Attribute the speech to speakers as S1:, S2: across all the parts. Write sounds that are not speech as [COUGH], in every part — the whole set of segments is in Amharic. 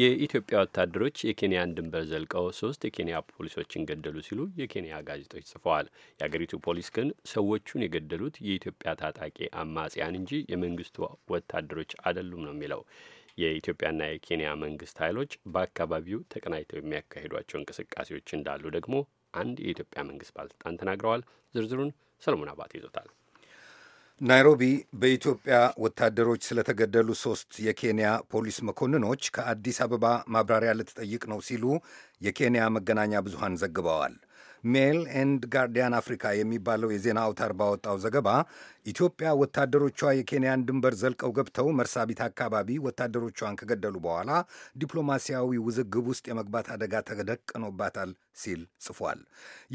S1: የኢትዮጵያ ወታደሮች የኬንያን ድንበር ዘልቀው ሶስት የኬንያ ፖሊሶችን ገደሉ ሲሉ የኬንያ ጋዜጦች ጽፈዋል። የአገሪቱ ፖሊስ ግን ሰዎቹን የገደሉት የኢትዮጵያ ታጣቂ አማጽያን እንጂ የመንግስቱ ወታደሮች አይደሉም ነው የሚለው። የኢትዮጵያና የኬንያ መንግስት ኃይሎች በአካባቢው ተቀናጅተው የሚያካሂዷቸው እንቅስቃሴዎች እንዳሉ ደግሞ አንድ የኢትዮጵያ መንግስት ባለስልጣን ተናግረዋል። ዝርዝሩን ሰለሞን አባት ይዞታል።
S2: ናይሮቢ በኢትዮጵያ ወታደሮች ስለተገደሉ ሶስት የኬንያ ፖሊስ መኮንኖች ከአዲስ አበባ ማብራሪያ ልትጠይቅ ነው ሲሉ የኬንያ መገናኛ ብዙሃን ዘግበዋል። ሜል ኤንድ ጋርዲያን አፍሪካ የሚባለው የዜና አውታር ባወጣው ዘገባ ኢትዮጵያ ወታደሮቿ የኬንያን ድንበር ዘልቀው ገብተው መርሳቢት አካባቢ ወታደሮቿን ከገደሉ በኋላ ዲፕሎማሲያዊ ውዝግብ ውስጥ የመግባት አደጋ ተደቅኖባታል ሲል ጽፏል።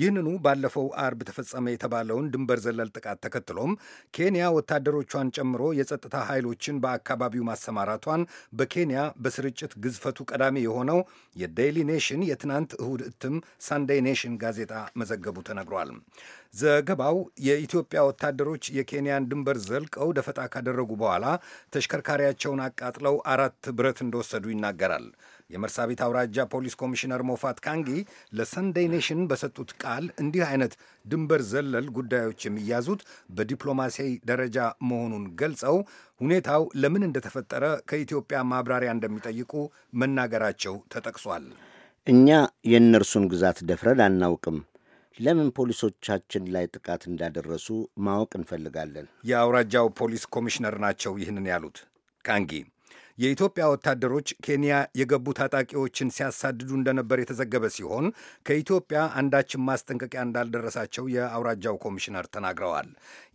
S2: ይህንኑ ባለፈው አርብ ተፈጸመ የተባለውን ድንበር ዘለል ጥቃት ተከትሎም ኬንያ ወታደሮቿን ጨምሮ የጸጥታ ኃይሎችን በአካባቢው ማሰማራቷን በኬንያ በስርጭት ግዝፈቱ ቀዳሚ የሆነው የዴይሊ ኔሽን የትናንት እሁድ እትም ሳንዴይ ኔሽን ጋዜጣ መዘገቡ ተነግሯል። ዘገባው የኢትዮጵያ ወታደሮች የኬንያን ድንበር ዘልቀው ደፈጣ ካደረጉ በኋላ ተሽከርካሪያቸውን አቃጥለው አራት ብረት እንደወሰዱ ይናገራል። የመርሳቤት አውራጃ ፖሊስ ኮሚሽነር ሞፋት ካንጊ ለሰንደይ ኔሽን በሰጡት ቃል እንዲህ አይነት ድንበር ዘለል ጉዳዮች የሚያዙት በዲፕሎማሲያዊ ደረጃ መሆኑን ገልጸው ሁኔታው ለምን እንደተፈጠረ ከኢትዮጵያ ማብራሪያ እንደሚጠይቁ
S1: መናገራቸው ተጠቅሷል። እኛ የእነርሱን ግዛት ደፍረን አናውቅም። ለምን ፖሊሶቻችን ላይ ጥቃት እንዳደረሱ ማወቅ እንፈልጋለን።
S2: የአውራጃው ፖሊስ ኮሚሽነር ናቸው ይህንን ያሉት ካንጊ የኢትዮጵያ ወታደሮች ኬንያ የገቡ ታጣቂዎችን ሲያሳድዱ እንደነበር የተዘገበ ሲሆን ከኢትዮጵያ አንዳችን ማስጠንቀቂያ እንዳልደረሳቸው የአውራጃው ኮሚሽነር ተናግረዋል።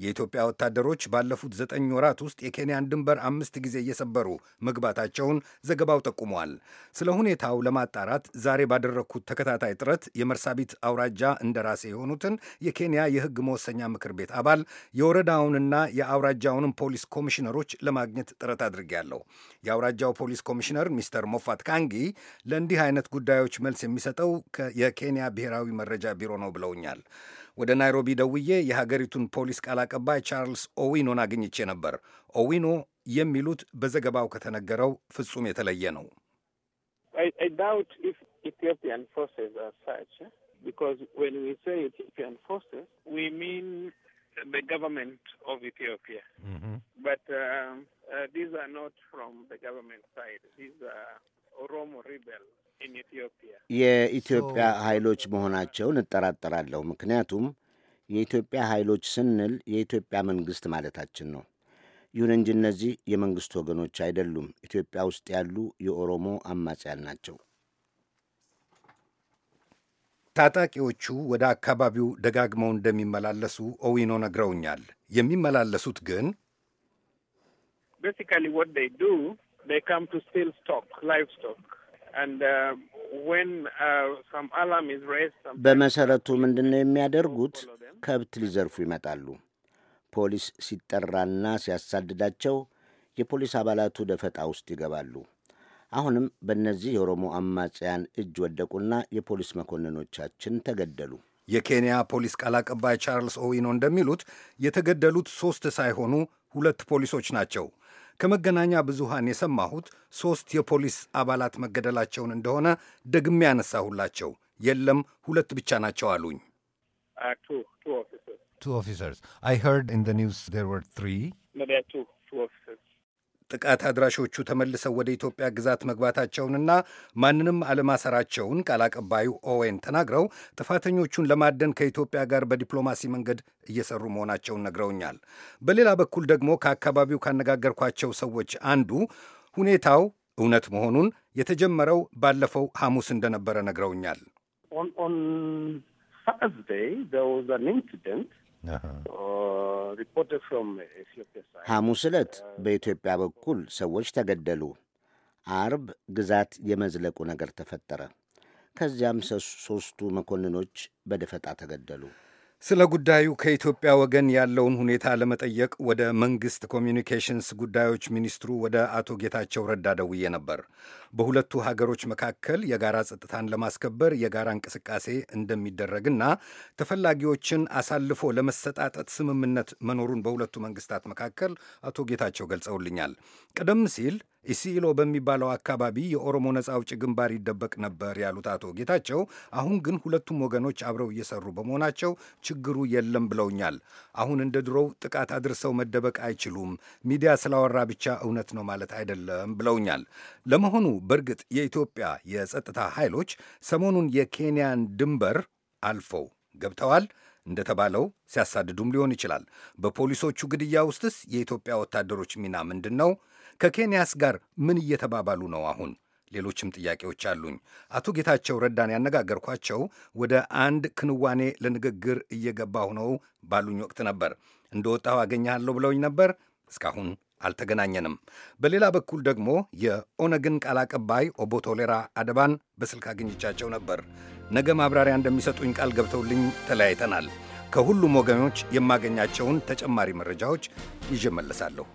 S2: የኢትዮጵያ ወታደሮች ባለፉት ዘጠኝ ወራት ውስጥ የኬንያን ድንበር አምስት ጊዜ እየሰበሩ መግባታቸውን ዘገባው ጠቁመዋል። ስለ ሁኔታው ለማጣራት ዛሬ ባደረግኩት ተከታታይ ጥረት የመርሳቢት አውራጃ እንደራሴ የሆኑትን የኬንያ የሕግ መወሰኛ ምክር ቤት አባል የወረዳውንና የአውራጃውንም ፖሊስ ኮሚሽነሮች ለማግኘት ጥረት አድርጌያለሁ። የአውራጃው ፖሊስ ኮሚሽነር ሚስተር ሞፋት ካንጊ ለእንዲህ አይነት ጉዳዮች መልስ የሚሰጠው የኬንያ ብሔራዊ መረጃ ቢሮ ነው ብለውኛል። ወደ ናይሮቢ ደውዬ የሀገሪቱን ፖሊስ ቃል አቀባይ ቻርልስ ኦዊኖን አግኝቼ ነበር። ኦዊኖ የሚሉት በዘገባው ከተነገረው ፍጹም የተለየ ነው። ኢትዮጵያን But uh, uh, these are not from the government side. These are
S1: Oromo rebels የኢትዮጵያ ኃይሎች መሆናቸውን እጠራጠራለሁ። ምክንያቱም የኢትዮጵያ ኃይሎች ስንል የኢትዮጵያ መንግሥት ማለታችን ነው። ይሁን እንጂ እነዚህ የመንግሥት ወገኖች አይደሉም። ኢትዮጵያ ውስጥ ያሉ የኦሮሞ አማጽያን ናቸው። ታጣቂዎቹ
S2: ወደ አካባቢው ደጋግመው እንደሚመላለሱ ኦዊኖ ነግረውኛል። የሚመላለሱት ግን basically what they do, they come to steal stock, livestock. And uh, when uh, some alarm is raised... [LAUGHS] በመሰረቱ
S1: ምንድን ነው የሚያደርጉት? ከብት ሊዘርፉ ይመጣሉ። ፖሊስ ሲጠራና ሲያሳድዳቸው የፖሊስ አባላቱ ደፈጣ ውስጥ ይገባሉ። አሁንም በእነዚህ የኦሮሞ አማጽያን እጅ ወደቁና የፖሊስ መኮንኖቻችን ተገደሉ። የኬንያ ፖሊስ ቃል አቀባይ ቻርልስ ኦዊኖ እንደሚሉት የተገደሉት ሦስት ሳይሆኑ
S2: ሁለት ፖሊሶች ናቸው። ከመገናኛ ብዙሃን የሰማሁት ሦስት የፖሊስ አባላት መገደላቸውን እንደሆነ ደግሜ ያነሳሁላቸው፣ የለም ሁለት ብቻ ናቸው አሉኝ። ቱ ኦፊሰርስ አይ ሄርድ ኢን ዘ ኒውስ ዜር ወር ትሪ ጥቃት አድራሾቹ ተመልሰው ወደ ኢትዮጵያ ግዛት መግባታቸውንና ማንንም አለማሰራቸውን ቃል አቀባዩ ኦዌን ተናግረው ጥፋተኞቹን ለማደን ከኢትዮጵያ ጋር በዲፕሎማሲ መንገድ እየሰሩ መሆናቸውን ነግረውኛል። በሌላ በኩል ደግሞ ከአካባቢው ካነጋገርኳቸው ሰዎች አንዱ ሁኔታው እውነት መሆኑን የተጀመረው ባለፈው ሐሙስ እንደነበረ ነግረውኛል።
S1: ሐሙስ ዕለት በኢትዮጵያ በኩል ሰዎች ተገደሉ። አርብ ግዛት የመዝለቁ ነገር ተፈጠረ። ከዚያም ሦስቱ መኮንኖች በደፈጣ ተገደሉ። ስለ ጉዳዩ
S2: ከኢትዮጵያ ወገን ያለውን ሁኔታ ለመጠየቅ ወደ መንግሥት ኮሚኒኬሽንስ ጉዳዮች ሚኒስትሩ ወደ አቶ ጌታቸው ረዳ ደውዬ ነበር። በሁለቱ ሀገሮች መካከል የጋራ ጸጥታን ለማስከበር የጋራ እንቅስቃሴ እንደሚደረግና ተፈላጊዎችን አሳልፎ ለመሰጣጠት ስምምነት መኖሩን በሁለቱ መንግሥታት መካከል አቶ ጌታቸው ገልጸውልኛል። ቀደም ሲል ኢሲኢሎ በሚባለው አካባቢ የኦሮሞ ነጻ አውጪ ግንባር ይደበቅ ነበር ያሉት አቶ ጌታቸው አሁን ግን ሁለቱም ወገኖች አብረው እየሰሩ በመሆናቸው ችግሩ የለም ብለውኛል። አሁን እንደ ድሮው ጥቃት አድርሰው መደበቅ አይችሉም። ሚዲያ ስላወራ ብቻ እውነት ነው ማለት አይደለም ብለውኛል። ለመሆኑ በእርግጥ የኢትዮጵያ የጸጥታ ኃይሎች ሰሞኑን የኬንያን ድንበር አልፈው ገብተዋል? እንደተባለው ሲያሳድዱም ሊሆን ይችላል። በፖሊሶቹ ግድያ ውስጥስ የኢትዮጵያ ወታደሮች ሚና ምንድን ነው? ከኬንያስ ጋር ምን እየተባባሉ ነው? አሁን ሌሎችም ጥያቄዎች አሉኝ። አቶ ጌታቸው ረዳን ያነጋገርኳቸው ወደ አንድ ክንዋኔ ለንግግር እየገባሁ ነው ባሉኝ ወቅት ነበር። እንደወጣው አገኘሃለሁ ብለውኝ ነበር። እስካሁን አልተገናኘንም። በሌላ በኩል ደግሞ የኦነግን ቃል አቀባይ ኦቦ ቶሌራ አደባን በስልክ አግኝቻቸው ነበር። ነገ ማብራሪያ እንደሚሰጡኝ ቃል ገብተውልኝ ተለያይተናል። ከሁሉም ወገኖች የማገኛቸውን ተጨማሪ መረጃዎች ይዤ መለሳለሁ።